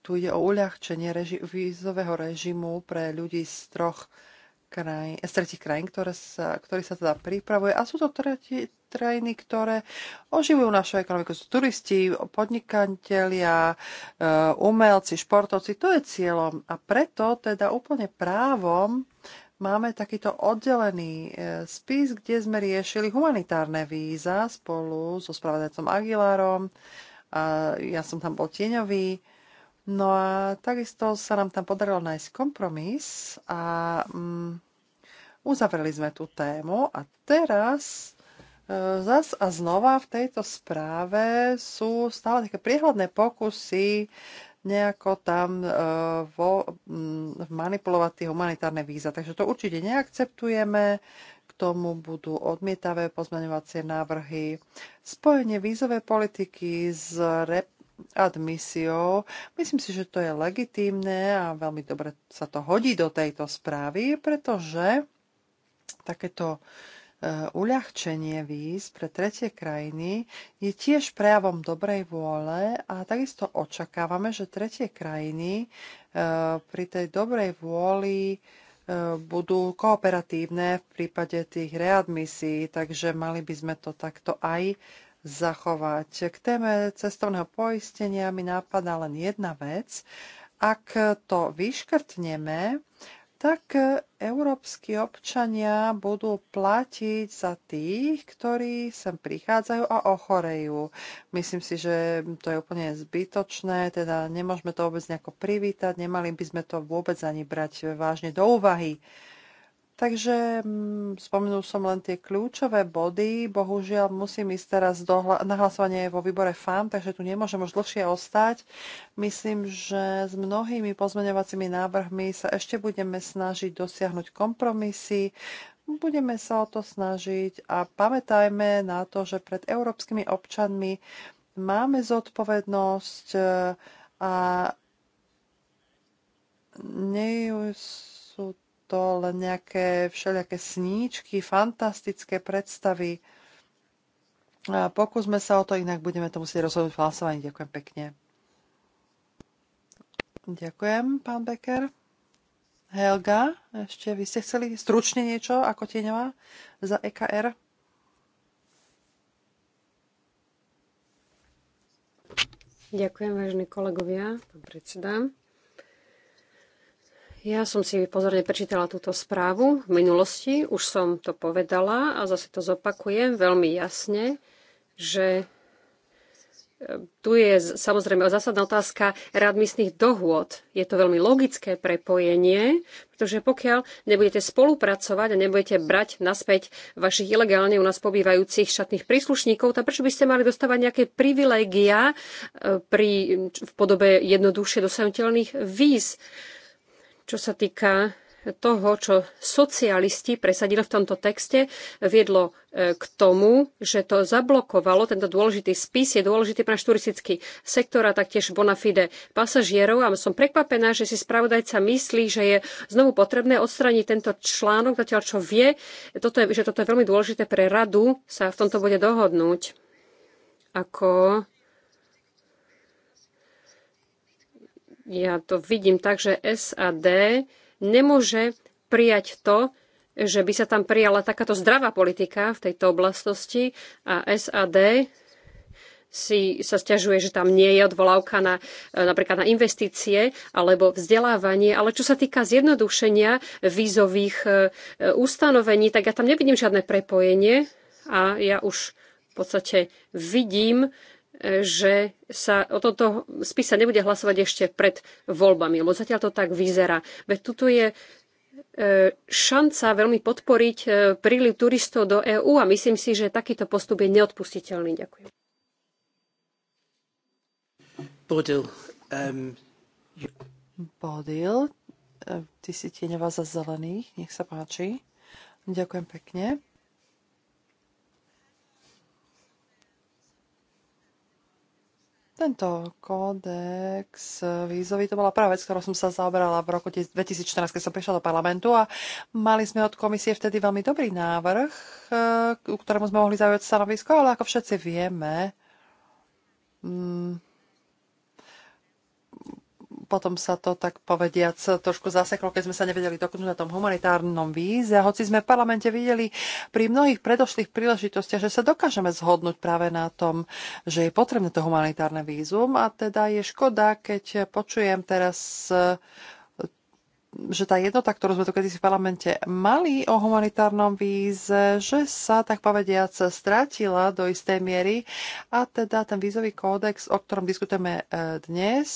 tu ide o uľahčenie reži- vízového režimu pre ľudí z troch krajín, z tretich krajín, ktoré sa, ktorý sa teda pripravuje. A sú to tretí, krajiny, ktoré oživujú našu ekonomiku. Sú turisti, podnikatelia, e, umelci, športovci. To je cieľom. A preto teda úplne právom máme takýto oddelený e, spis, kde sme riešili humanitárne víza spolu so spravodajcom Aguilarom. A ja som tam bol tieňový No a takisto sa nám tam podarilo nájsť kompromis a mm, uzavreli sme tú tému a teraz e, zas a znova v tejto správe sú stále také priehľadné pokusy nejako tam e, vo, m, mm, manipulovať tie humanitárne víza. Takže to určite neakceptujeme, k tomu budú odmietavé pozmeňovacie návrhy. Spojenie vízovej politiky s rep admisiou. Myslím si, že to je legitímne a veľmi dobre sa to hodí do tejto správy, pretože takéto e, uľahčenie víz pre tretie krajiny je tiež prejavom dobrej vôle a takisto očakávame, že tretie krajiny e, pri tej dobrej vôli e, budú kooperatívne v prípade tých readmisí, takže mali by sme to takto aj zachovať. K téme cestovného poistenia mi napadá len jedna vec. Ak to vyškrtneme, tak európsky občania budú platiť za tých, ktorí sem prichádzajú a ochorejú. Myslím si, že to je úplne zbytočné, teda nemôžeme to vôbec nejako privítať, nemali by sme to vôbec ani brať vážne do úvahy. Uh, Takže mm, spomenul som len tie kľúčové body. Bohužiaľ musím ísť teraz do na hlasovanie vo výbore FAM, takže tu nemôžem už dlhšie ostať. Myslím, že s mnohými pozmeňovacími návrhmi sa ešte budeme snažiť dosiahnuť kompromisy. Budeme sa o to snažiť a pamätajme na to, že pred európskymi občanmi máme zodpovednosť e, a nie sú to len nejaké všelijaké sníčky, fantastické predstavy. A pokúsme sa o to, inak budeme to musieť rozhodnúť v hlasovaní. Ďakujem pekne. Ďakujem, pán Becker. Helga, ešte vy ste chceli stručne niečo ako tieňová za EKR? Ďakujem, vážení kolegovia, pán predseda. Ja som si pozorne prečítala túto správu v minulosti, už som to povedala a zase to zopakujem veľmi jasne, že e, tu je samozrejme zásadná otázka readmisných dohôd. Je to veľmi logické prepojenie, pretože pokiaľ nebudete spolupracovať a nebudete brať naspäť vašich ilegálne u nás pobývajúcich šatných príslušníkov, tak prečo by ste mali dostávať nejaké privilégia e, pri, v podobe jednoduchšie dosiahnutelných víz? Čo sa týka toho, čo socialisti presadili v tomto texte, viedlo e, k tomu, že to zablokovalo, tento dôležitý spis je dôležitý pre turistický sektor a taktiež bona fide pasažierov. A som prekvapená, že si spravodajca myslí, že je znovu potrebné odstrániť tento článok, zatiaľ čo vie, toto je, že toto je veľmi dôležité pre radu sa v tomto bude dohodnúť. Ako ja to vidím tak, že SAD nemôže prijať to, že by sa tam prijala takáto zdravá politika v tejto oblastnosti a SAD si sa stiažuje, že tam nie je odvolávka na, e, napríklad na investície alebo vzdelávanie, ale čo sa týka zjednodušenia vízových e, e, ustanovení, tak ja tam nevidím žiadne prepojenie a ja už v podstate vidím, že sa o tomto spise nebude hlasovať ešte pred voľbami, lebo zatiaľ to tak vyzerá. Veď tuto je e, šanca veľmi podporiť e, príliv turistov do EÚ a myslím si, že takýto postup je neodpustiteľný. Ďakujem. Bodil, um... Bodil, e, ty si tieňová za zelených, nech sa páči. Ďakujem pekne. Tento kódex vízový, to bola práve, vec, ktorou som sa zaoberala v roku 2014, keď som prišla do parlamentu a mali sme od komisie vtedy veľmi dobrý návrh, e, ku ktorému sme mohli zaujať stanovisko, ale ako všetci vieme, mm, potom sa to tak povediac trošku zaseklo, keď sme sa nevedeli dokončiť na tom humanitárnom víze. A hoci sme v parlamente videli pri mnohých predošlých príležitostiach, že sa dokážeme zhodnúť práve na tom, že je potrebné to humanitárne vízum a teda je škoda, keď počujem teraz že tá jednota, ktorú sme tu kedysi v parlamente mali o humanitárnom víze, že sa, tak povediac, strátila do istej miery a teda ten vízový kódex, o ktorom diskutujeme eh, dnes,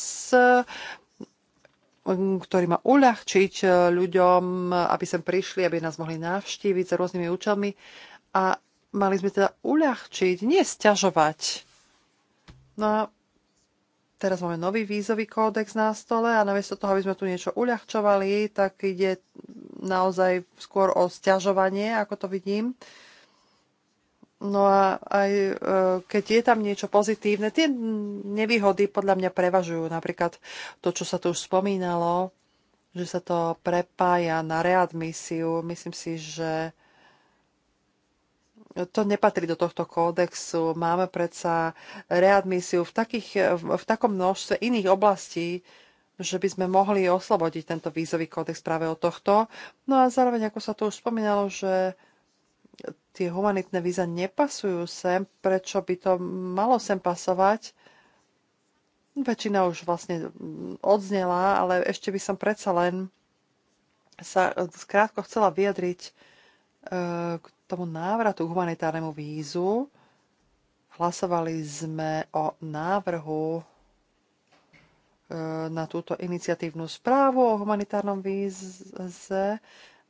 ktorý má uľahčiť e, ľuďom, aby sem prišli, aby nás mohli navštíviť s rôznymi účelmi. A mali sme teda uľahčiť, nie sťažovať. No a teraz máme nový vízový kódex na stole a namiesto toho, aby sme tu niečo uľahčovali, tak ide naozaj skôr o sťažovanie, ako to vidím. Uh, No a aj e, keď je tam niečo pozitívne, tie nevýhody podľa mňa prevažujú. Napríklad to, čo sa tu už spomínalo, že sa to prepája na readmisiu. Myslím si, že to nepatrí do tohto kódexu. Máme predsa readmisiu v, takých, v takom množstve iných oblastí, že by sme mohli oslobodiť tento vízový kódex práve od tohto. No a zároveň, ako sa tu už spomínalo, že tie humanitné víza nepasujú sem, prečo by to malo sem pasovať? Väčšina už vlastne odznela, ale ešte by som predsa len sa skrátko chcela vyjadriť e, k tomu návratu k humanitárnemu vízu. Hlasovali sme o návrhu e, na túto iniciatívnu správu o humanitárnom víze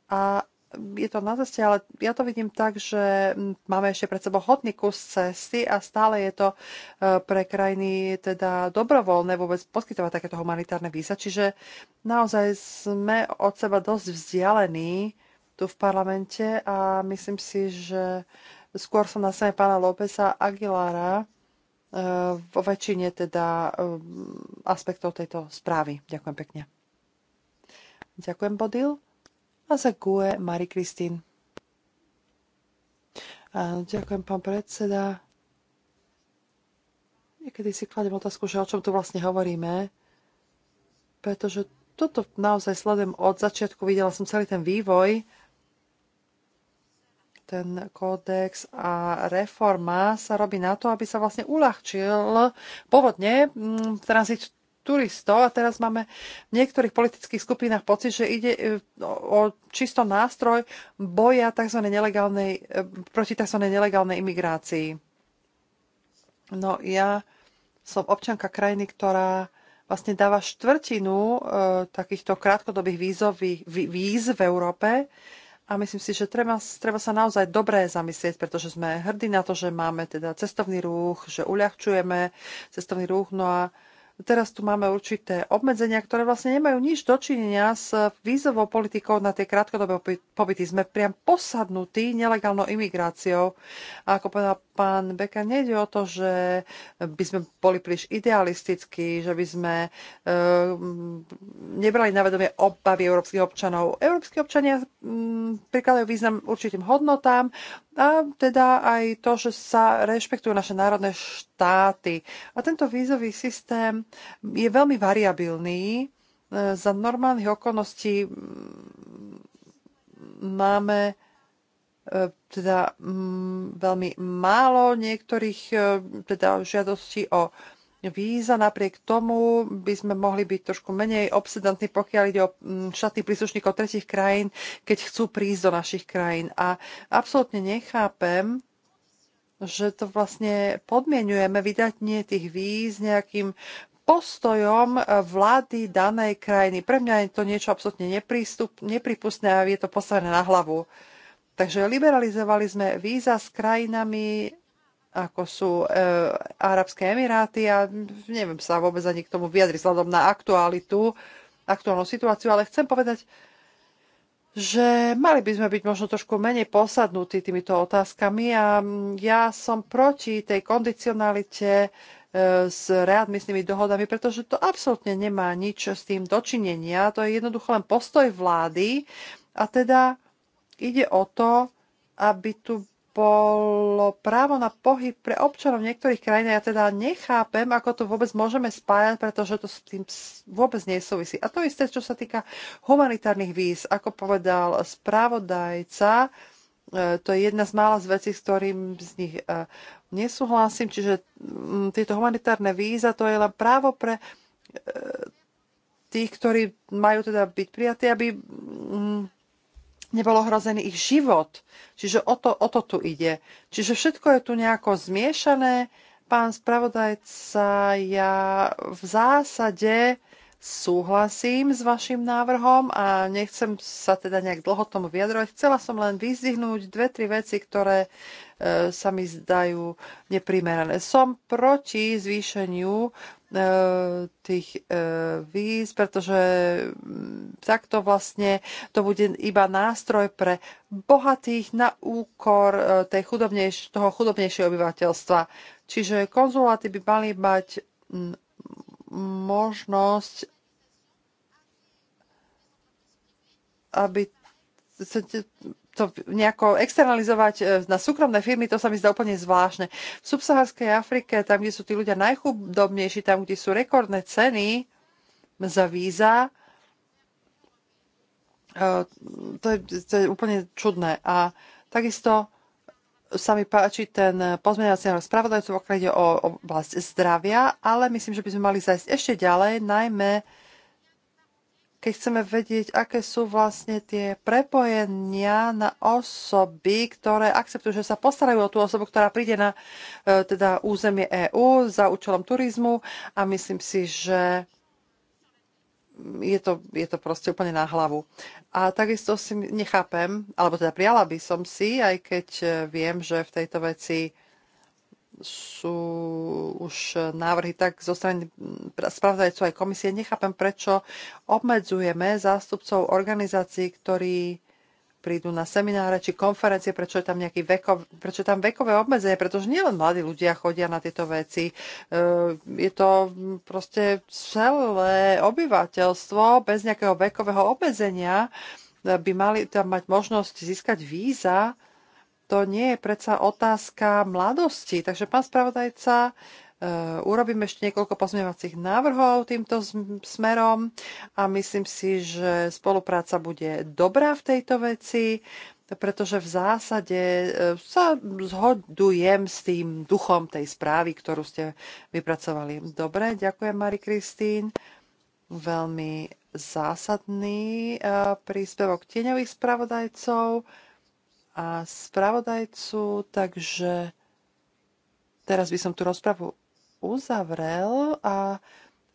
a je to na ceste, ale ja to vidím tak, že máme ešte pred sebou hodný kus cesty a stále je to eh, pre krajiny teda dobrovoľné vôbec poskytovať takéto humanitárne víza. Čiže naozaj sme od seba dosť vzdialení tu v parlamente a myslím si, že skôr som na sebe pána Lópeza Aguilara eh, vo väčšine teda eh, aspektov tejto správy. Ďakujem pekne. Ďakujem, Bodil a za GUE Ďakujem, pán predseda. Niekedy si kladem otázku, že o čom tu vlastne hovoríme, pretože toto naozaj sledujem od začiatku, videla som celý ten vývoj, ten kódex a reforma sa robí na to, aby sa vlastne uľahčil pôvodne mm, tranzit turistov a teraz máme v niektorých politických skupinách pocit, že ide e, no, o čisto nástroj boja tzv. Nelegálnej, e, proti tzv. nelegálnej imigrácii. No ja som občanka krajiny, ktorá vlastne dáva štvrtinu e, takýchto krátkodobých vízových, vý, víz v Európe a myslím si, že treba, treba sa naozaj dobre zamyslieť, pretože sme hrdí na to, že máme teda cestovný ruch, že uľahčujeme cestovný ruch, no a e, Teraz tu máme určité obmedzenia, ktoré vlastne nemajú nič dočinenia s vízovou politikou na tie krátkodobé pobyty. Sme priam posadnutí nelegálnou imigráciou. A ako povedal pán Beka, nejde o to, že by sme boli príliš idealistickí, že by sme e, nebrali na vedomie obavy európskych občanov. Európsky občania m, mm, prikladajú význam určitým hodnotám, a teda aj to, že sa rešpektujú naše národné štáty. A tento vízový systém je veľmi variabilný. E, za normálnych okolností máme e, teda veľmi málo niektorých e, teda žiadostí o víza. Napriek tomu by sme mohli byť trošku menej obsedantní, pokiaľ ide o mm, šatných príslušníkov tretich krajín, keď chcú prísť do našich krajín. A absolútne nechápem, že to vlastne podmienujeme vydatnie tých víz nejakým postojom vlády danej krajiny. Pre mňa je to niečo absolútne nepripustné a je to postavené na hlavu. Takže liberalizovali sme víza s krajinami ako sú e, Arabské Emiráty a neviem sa vôbec ani k tomu vyjadriť vzhľadom na aktualitu, aktuálnu situáciu, ale chcem povedať, že mali by sme byť možno trošku menej posadnutí týmito otázkami a mm, ja som proti tej kondicionalite e, s readmisnými dohodami, pretože to absolútne nemá nič s tým dočinenia. To je jednoducho len postoj vlády a teda ide o to, aby tu bolo právo na pohyb pre občanov niektorých krajín. Ja teda nechápem, ako to vôbec môžeme spájať, pretože to s tým vôbec nesúvisí. A to isté, čo sa týka humanitárnych víz. Ako povedal správodajca, e, to je jedna z mála z vecí, s ktorým z nich e, nesúhlasím. Čiže mm, tieto humanitárne víza, to je len právo pre e, tých, ktorí majú teda byť prijatí, aby mm, nebol ohrozený ich život. Čiže o to, o to tu ide. Čiže všetko je tu nejako zmiešané. Pán spravodajca, ja v zásade súhlasím s vašim návrhom a nechcem sa teda nejak dlho tomu vyjadrovať. Chcela som len vyzdihnúť dve, tri veci, ktoré e, sa mi zdajú neprimerané. Som proti zvýšeniu E, tých e, víz, pretože mm, takto vlastne to bude iba nástroj pre bohatých na úkor e, tej chudobnejš- toho chudobnejšieho obyvateľstva. Čiže konzuláty by mali mať mm, možnosť, aby to nejako externalizovať e, na súkromné firmy, to sa mi zdá úplne zvláštne. V subsaharskej Afrike, tam, kde sú tí ľudia najchudobnejší, tam, kde sú rekordné ceny za víza, e, to je, to je úplne čudné. A takisto sa mi páči ten pozmeňovací návrh spravodajcov, pokiaľ ide o oblasť zdravia, ale myslím, že by sme mali zajsť ešte ďalej, najmä keď chceme vedieť, aké sú vlastne tie prepojenia na osoby, ktoré akceptujú, že sa postarajú o tú osobu, ktorá príde na e, teda územie EÚ za účelom turizmu a myslím si, že je to, je to proste úplne na hlavu. A takisto si nechápem, alebo teda prijala by som si, aj keď e, viem, že v tejto veci sú už návrhy tak zo strany spravodajcu aj komisie. Nechápem, prečo obmedzujeme zástupcov organizácií, ktorí prídu na semináre či konferencie, prečo je tam, nejaký veko, prečo je tam vekové obmedzenie, pretože nielen mladí ľudia chodia na tieto veci. E, je to proste celé obyvateľstvo bez nejakého vekového obmedzenia by mali tam mať možnosť získať víza to nie je predsa otázka mladosti. Takže, pán spravodajca, e, urobím ešte niekoľko pozmievacích návrhov týmto smerom a myslím si, že spolupráca bude dobrá v tejto veci, pretože v zásade e, sa zhodujem s tým duchom tej správy, ktorú ste vypracovali. Dobre, ďakujem, Mari Kristín. Veľmi zásadný e, príspevok tieňových spravodajcov a spravodajcu, takže teraz by som tú rozpravu uzavrel a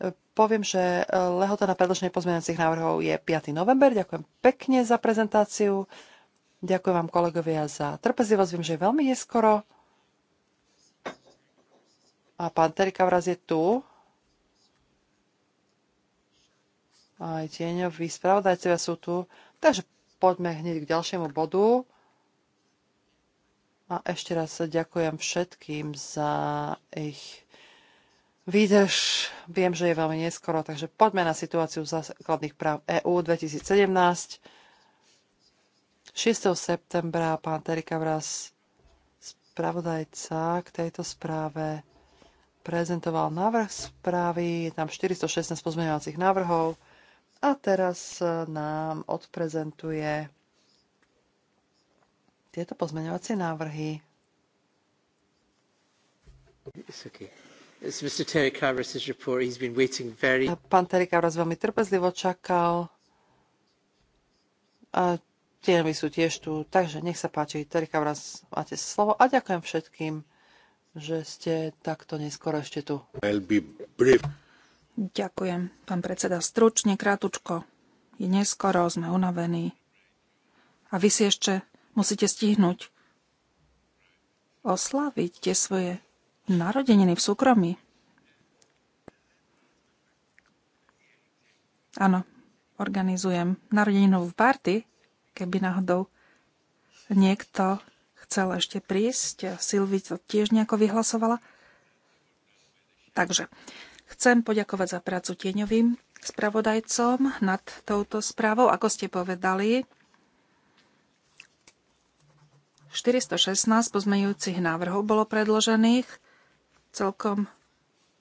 e, poviem, že e, lehota na predložení pozmeňovacích návrhov je 5. november. Ďakujem pekne za prezentáciu. Ďakujem vám kolegovia za trpezlivosť. Viem, že je veľmi neskoro. A pán Terika Vraz je tu. Aj tieňoví spravodajcovia sú tu. Takže poďme hneď k ďalšiemu bodu. A ešte raz ďakujem všetkým za ich výdrž. Viem, že je veľmi neskoro, takže poďme na situáciu základných práv EÚ 2017. 6. septembra pán Terika Vras, spravodajca k tejto správe, prezentoval návrh správy, je tam 416 pozmeňovacích návrhov a teraz nám odprezentuje tieto pozmeňovacie návrhy. Pán Kavras veľmi trpezlivo čakal. A tie sú tiež tu, takže nech sa páči, Kavras, máte slovo a ďakujem všetkým, že ste takto neskoro ešte tu. Ďakujem, pán predseda. Stručne, krátučko. Je neskoro, sme unavení. A vy si ešte Musíte stihnúť oslaviť tie svoje narodeniny v súkromí. Áno, organizujem narodeninovú party, keby náhodou niekto chcel ešte prísť. Silvi to tiež nejako vyhlasovala. Takže chcem poďakovať za prácu tieňovým spravodajcom nad touto správou. Ako ste povedali, 416 pozmeňujúcich návrhov bolo predložených. Celkom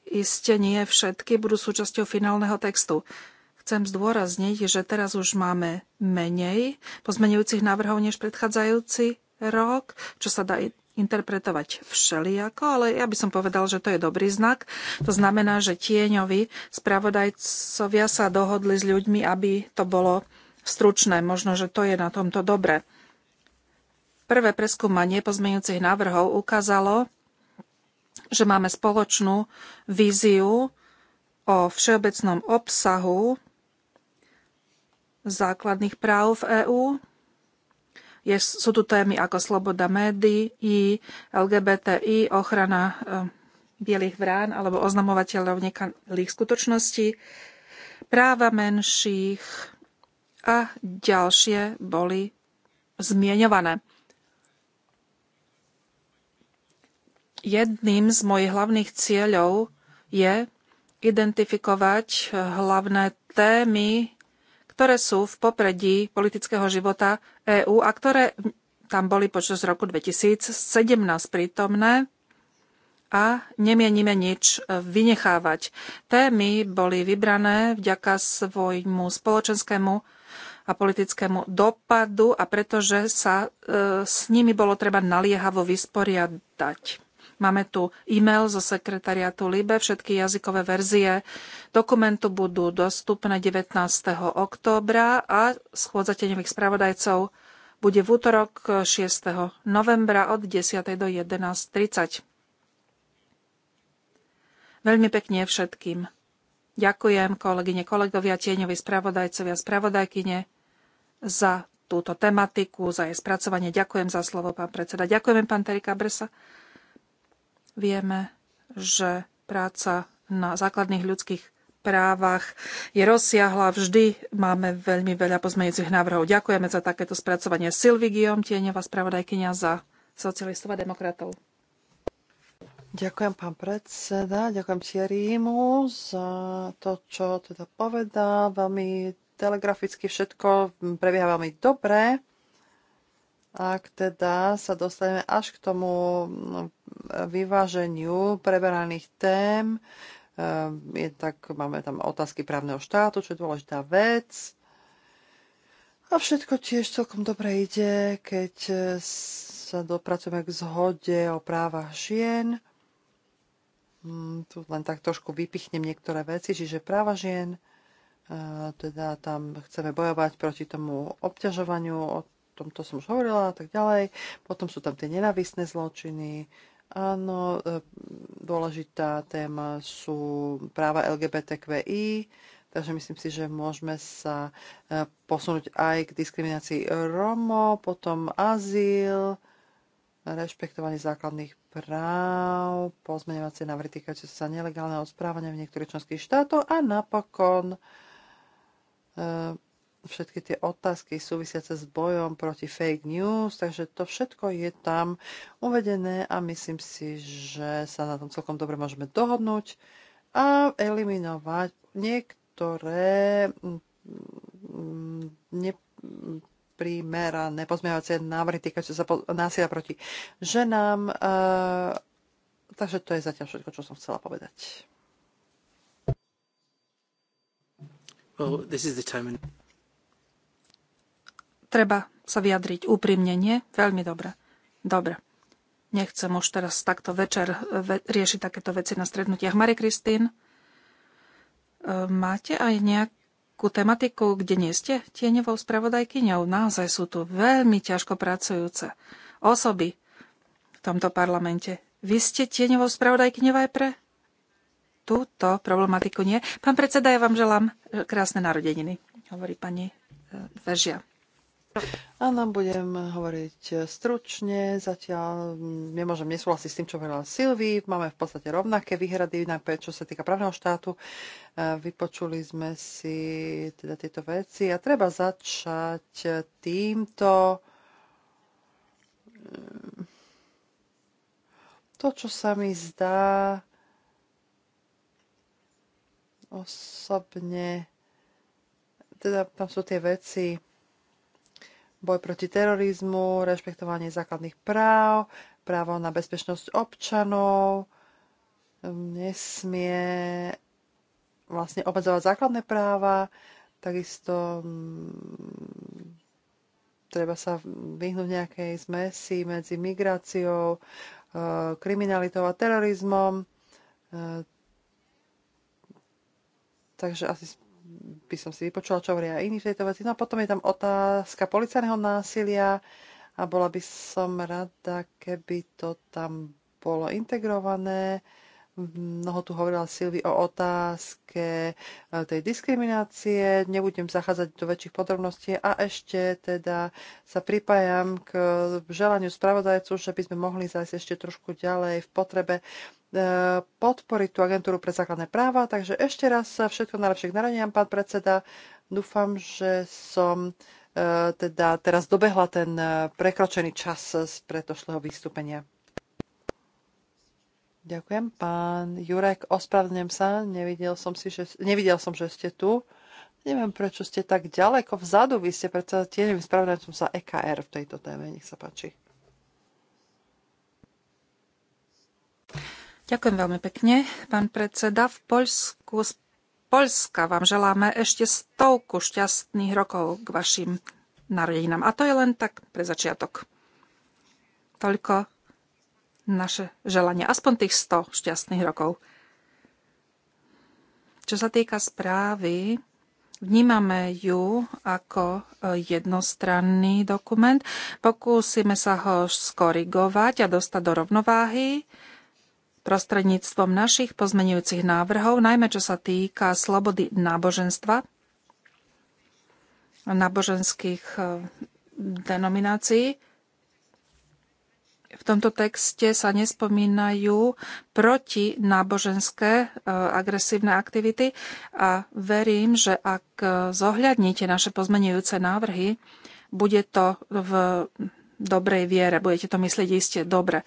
iste nie všetky budú súčasťou finálneho textu. Chcem zdôrazniť, že teraz už máme menej pozmeňujúcich návrhov než predchádzajúci rok, čo sa dá interpretovať všelijako, ale ja by som povedal, že to je dobrý znak. To znamená, že tieňovi spravodajcovia sa dohodli s ľuďmi, aby to bolo stručné. Možno, že to je na tomto dobre. Prvé preskúmanie pozmeňujúcich návrhov ukázalo, že máme spoločnú víziu o všeobecnom obsahu základných práv v EÚ. sú tu témy ako sloboda médií, LGBTI, ochrana eh, bielých vrán alebo oznamovateľov nekalých skutočností, práva menších a ďalšie boli zmieňované. Jedným z mojich hlavných cieľov je identifikovať eh, hlavné témy, ktoré sú v popredí politického života EÚ a ktoré tam boli počas roku 2017 prítomné a nemienime nič eh, vynechávať. Témy boli vybrané vďaka svojmu spoločenskému a politickému dopadu a pretože sa e, s nimi bolo treba naliehavo vysporiadať. Máme tu e-mail zo sekretariatu LIBE. Všetky jazykové verzie dokumentu budú dostupné 19. októbra a schôdza tenových spravodajcov bude v útorok 6. novembra od 10. do 11.30. Veľmi pekne všetkým. Ďakujem kolegyne, kolegovia, tieňovi spravodajcovia, spravodajkyne za túto tematiku, za jej spracovanie. Ďakujem za slovo, pán predseda. Ďakujeme, pán Terika Bresa. Vieme, že práca na základných ľudských právach je rozsiahla. Vždy máme veľmi veľa pozmeňujúcich návrhov. Ďakujeme za takéto spracovanie Silvi Guillaume, tieňová spravodajkynia za socialistov a demokratov. Ďakujem, pán predseda, ďakujem Thierrymu za to, čo teda povedal. Veľmi telegraficky všetko prebieha veľmi dobre ak teda sa dostaneme až k tomu no, vyváženiu preberaných tém, ehm, je, tak máme tam otázky právneho štátu, čo je dôležitá vec. A všetko tiež celkom dobre ide, keď e, sa dopracujeme k zhode o právach žien. Hm, tu len tak trošku vypichnem niektoré veci, čiže práva žien, e, teda tam chceme bojovať proti tomu obťažovaniu, tom tomto som už hovorila a tak ďalej. Potom sú tam tie nenavistné zločiny. Áno, e, dôležitá téma sú práva LGBTQI, takže myslím si, že môžeme sa e, posunúť aj k diskriminácii Romo, potom azyl, rešpektovanie základných práv, pozmeňovacie návrhy týkajúce sa nelegálneho správania v niektorých členských štátoch a napokon e, všetky tie otázky súvisiace s bojom proti fake news, takže to všetko je tam uvedené a myslím si, že sa na tom celkom dobre môžeme dohodnúť a eliminovať niektoré mm, mm, neprimerané pozmeňovacie návrhy týkajúce sa násilia proti ženám. E, takže to je zatiaľ všetko, čo som chcela povedať. Well, this is the time treba sa vyjadriť úprimne, nie? Veľmi dobre. Dobre. Nechcem už teraz takto večer ve- riešiť takéto veci na strednutiach. Marie Kristín, e, máte aj nejakú tematiku, kde nie ste tieňovou spravodajkyňou? Naozaj sú tu veľmi ťažko pracujúce osoby v tomto parlamente. Vy ste tieňovou spravodajkyňou aj pre túto problematiku nie. Pán predseda, ja vám želám e, krásne narodeniny, hovorí pani e, Vežia. Áno, budem hovoriť stručne. Zatiaľ nemôžem nesúhlasiť s tým, čo hovorila Silvi. Máme v podstate rovnaké výhrady, čo sa týka právneho štátu. Vypočuli sme si teda tieto veci a treba začať týmto. Ehm, to, čo sa mi zdá osobne, teda tam sú tie veci, boj proti terorizmu, rešpektovanie základných práv, právo na bezpečnosť občanov, ehm, nesmie vlastne obmedzovať základné práva, takisto mm, treba sa vyhnúť nejakej zmesi medzi migráciou, e, kriminalitou a terorizmom. E, takže asi by som si vypočula, čo hovoria iní v tejto veci. No a potom je tam otázka policajného násilia a bola by som rada, keby to tam bolo integrované. Uh, Mnoho tu hovorila Silvi o otázke e, tej diskriminácie. Nebudem zachádzať do väčších podrobností a ešte teda sa pripájam k želaniu spravodajcu, že by sme mohli zajsť ešte trošku ďalej v potrebe e, podporiť tú agentúru pre základné práva. Takže ešte raz všetko najlepšie k naraniam, pán predseda. Dúfam, že som e, teda teraz dobehla ten prekročený čas z predošlého vystúpenia. Ďakujem. Pán Jurek, ospravedlňujem sa, nevidel som, si, že, nevidel som, že ste tu. Neviem, prečo ste tak ďaleko vzadu. Vy ste predsa tieňovým spravodajcom sa EKR v tejto téme. Nech sa páči. Ďakujem veľmi pekne, pán predseda. V Poľsku, z Poľska vám želáme ešte stovku šťastných rokov k vašim narodinám. A to je len tak pre začiatok. Toľko naše želania. Aspoň tých 100 šťastných rokov. Čo sa týka správy, vnímame ju ako e, jednostranný dokument. Pokúsime sa ho skorigovať a dostať do rovnováhy prostredníctvom našich pozmenujúcich návrhov, najmä čo sa týka slobody náboženstva, náboženských e, denominácií v tomto texte sa nespomínajú proti náboženské e, agresívne aktivity a verím, že ak zohľadníte naše pozmenujúce návrhy, bude to v dobrej viere, budete to myslieť iste dobre.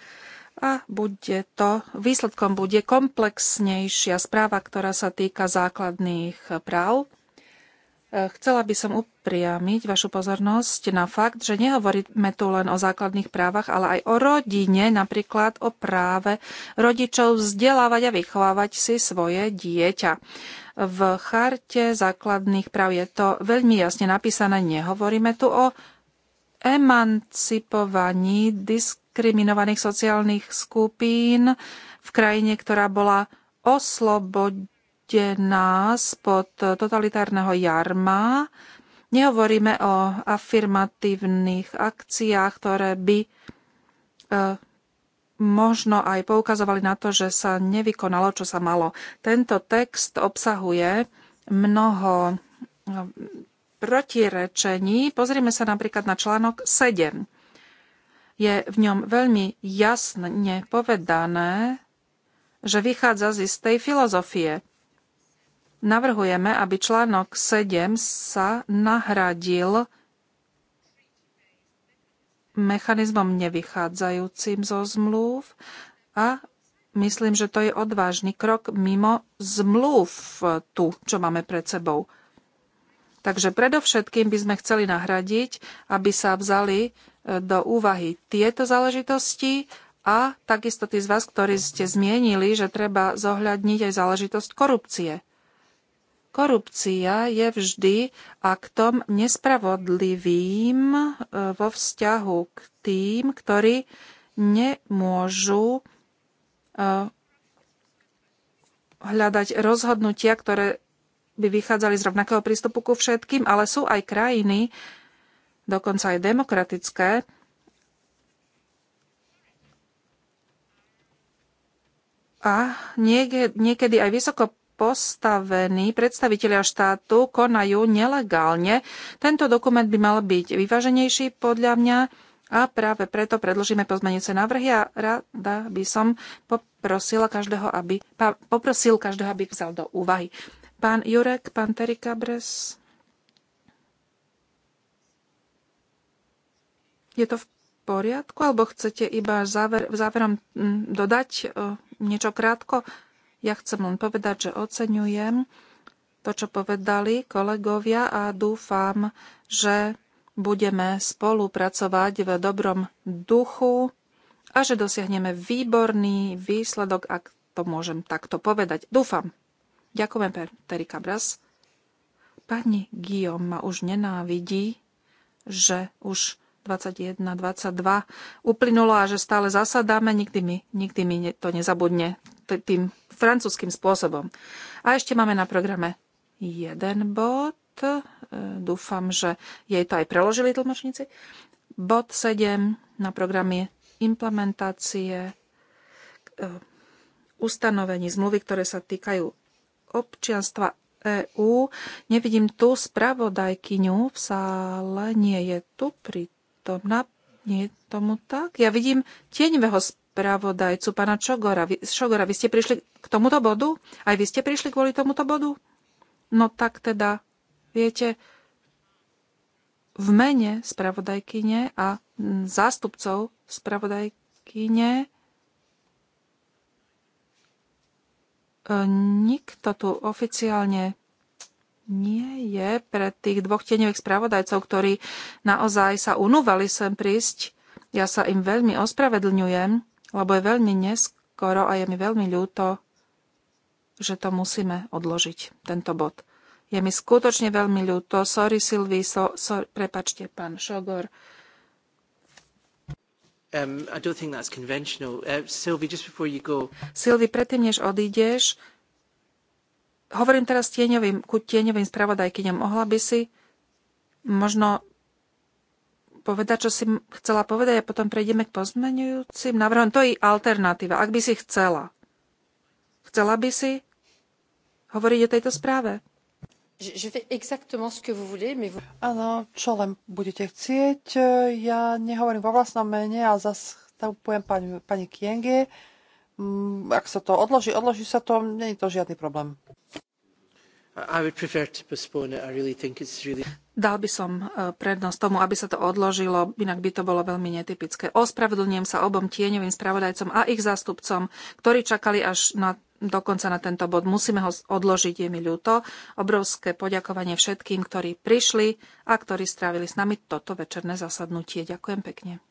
A bude to, výsledkom bude komplexnejšia správa, ktorá sa týka základných práv Chcela by som upriamiť vašu pozornosť na fakt, že nehovoríme tu len o základných právach, ale aj o rodine, napríklad o práve rodičov vzdelávať a vychovávať si svoje dieťa. V charte základných práv je to veľmi jasne napísané. Nehovoríme tu o emancipovaní diskriminovaných sociálnych skupín v krajine, ktorá bola oslobodená vedie nás pod totalitárneho jarma. Nehovoríme o afirmatívnych akciách, ktoré by e, možno aj poukazovali na to, že sa nevykonalo, čo sa malo. Tento text obsahuje mnoho e, protirečení. Pozrime sa napríklad na článok 7. Je v ňom veľmi jasne povedané, že vychádza z istej filozofie. Navrhujeme, aby článok 7 sa nahradil mechanizmom nevychádzajúcim zo zmluv a myslím, že to je odvážny krok mimo zmluv tu, čo máme pred sebou. Takže predovšetkým by sme chceli nahradiť, aby sa vzali e, do úvahy tieto záležitosti a takisto tí z vás, ktorí ste zmienili, že treba zohľadniť aj záležitosť korupcie. Korupcia je vždy aktom nespravodlivým e, vo vzťahu k tým, ktorí nemôžu e, hľadať rozhodnutia, ktoré by vychádzali z rovnakého prístupu ku všetkým, ale sú aj krajiny, dokonca aj demokratické, a niekedy aj vysoko postavení predstavitelia štátu konajú nelegálne. Tento dokument by mal byť vyváženejší podľa mňa a práve preto predložíme pozmeniece návrhy a rada by som poprosila každého, aby, pa, poprosil každého, aby vzal do úvahy. Pán Jurek, pán Terika Bres. Je to v poriadku, alebo chcete iba záver, záverom mm, dodať e, niečo krátko? Ja chcem len povedať, že oceňujem to, čo povedali kolegovia a dúfam, že budeme spolupracovať v dobrom duchu a že dosiahneme výborný výsledok, ak to môžem takto povedať. Dúfam. Ďakujem, Terry Cabras. Pani Guillaume ma už nenávidí, že už 21, 22 uplynulo a že stále zasadáme, nikdy mi, nikdy mi to nezabudne tým francúzským spôsobom. A ešte máme na programe jeden bod. E, dúfam, že jej to aj preložili tlmočníci. Bod 7 na programe implementácie e, ustanovení zmluvy, ktoré sa týkajú občianstva EÚ. Nevidím tu spravodajkyňu v sále, nie je tu prítomná. Nie je tomu tak. Ja vidím tieňového spravodajkyňu spravodajcu pána Čogora. Vy, Šogora, vy ste prišli k tomuto bodu? Aj vy ste prišli kvôli tomuto bodu? No tak teda, viete, v mene spravodajkyne a zástupcov spravodajkyne e, nikto tu oficiálne nie je pre tých dvoch tieňových spravodajcov, ktorí naozaj sa unúvali sem prísť. Ja sa im veľmi ospravedlňujem lebo je veľmi neskoro a je mi veľmi ľúto, že to musíme odložiť, tento bod. Je mi skutočne veľmi ľúto. Sorry, Silvi, so, so, prepačte, pán Šogor. Um, I don't think that's conventional. Uh, Sylvie, just before you go. Sylvie, predtým, než odídeš, hovorím teraz tieňovým, ku tieňovým spravodajkyňom. Mohla by si možno povedať, čo si chcela povedať a potom prejdeme k pozmeňujúcim návrhom. To je alternatíva, ak by si chcela. Chcela by si hovoriť o tejto správe? Áno, čo len budete chcieť. Ja nehovorím vo vlastnom mene, ale poviem pani, pani Kienge. Mm, ak sa to odloží, odloží sa to, nie je to žiadny problém. Dal by som e, prednosť tomu, aby sa to odložilo, inak by to bolo veľmi netypické. Ospravedlňujem sa obom tieňovým spravodajcom a ich zástupcom, ktorí čakali až na, dokonca na tento bod. Musíme ho odložiť, je mi ľúto. Obrovské poďakovanie všetkým, ktorí prišli a ktorí strávili s nami toto večerné zasadnutie. Ďakujem pekne.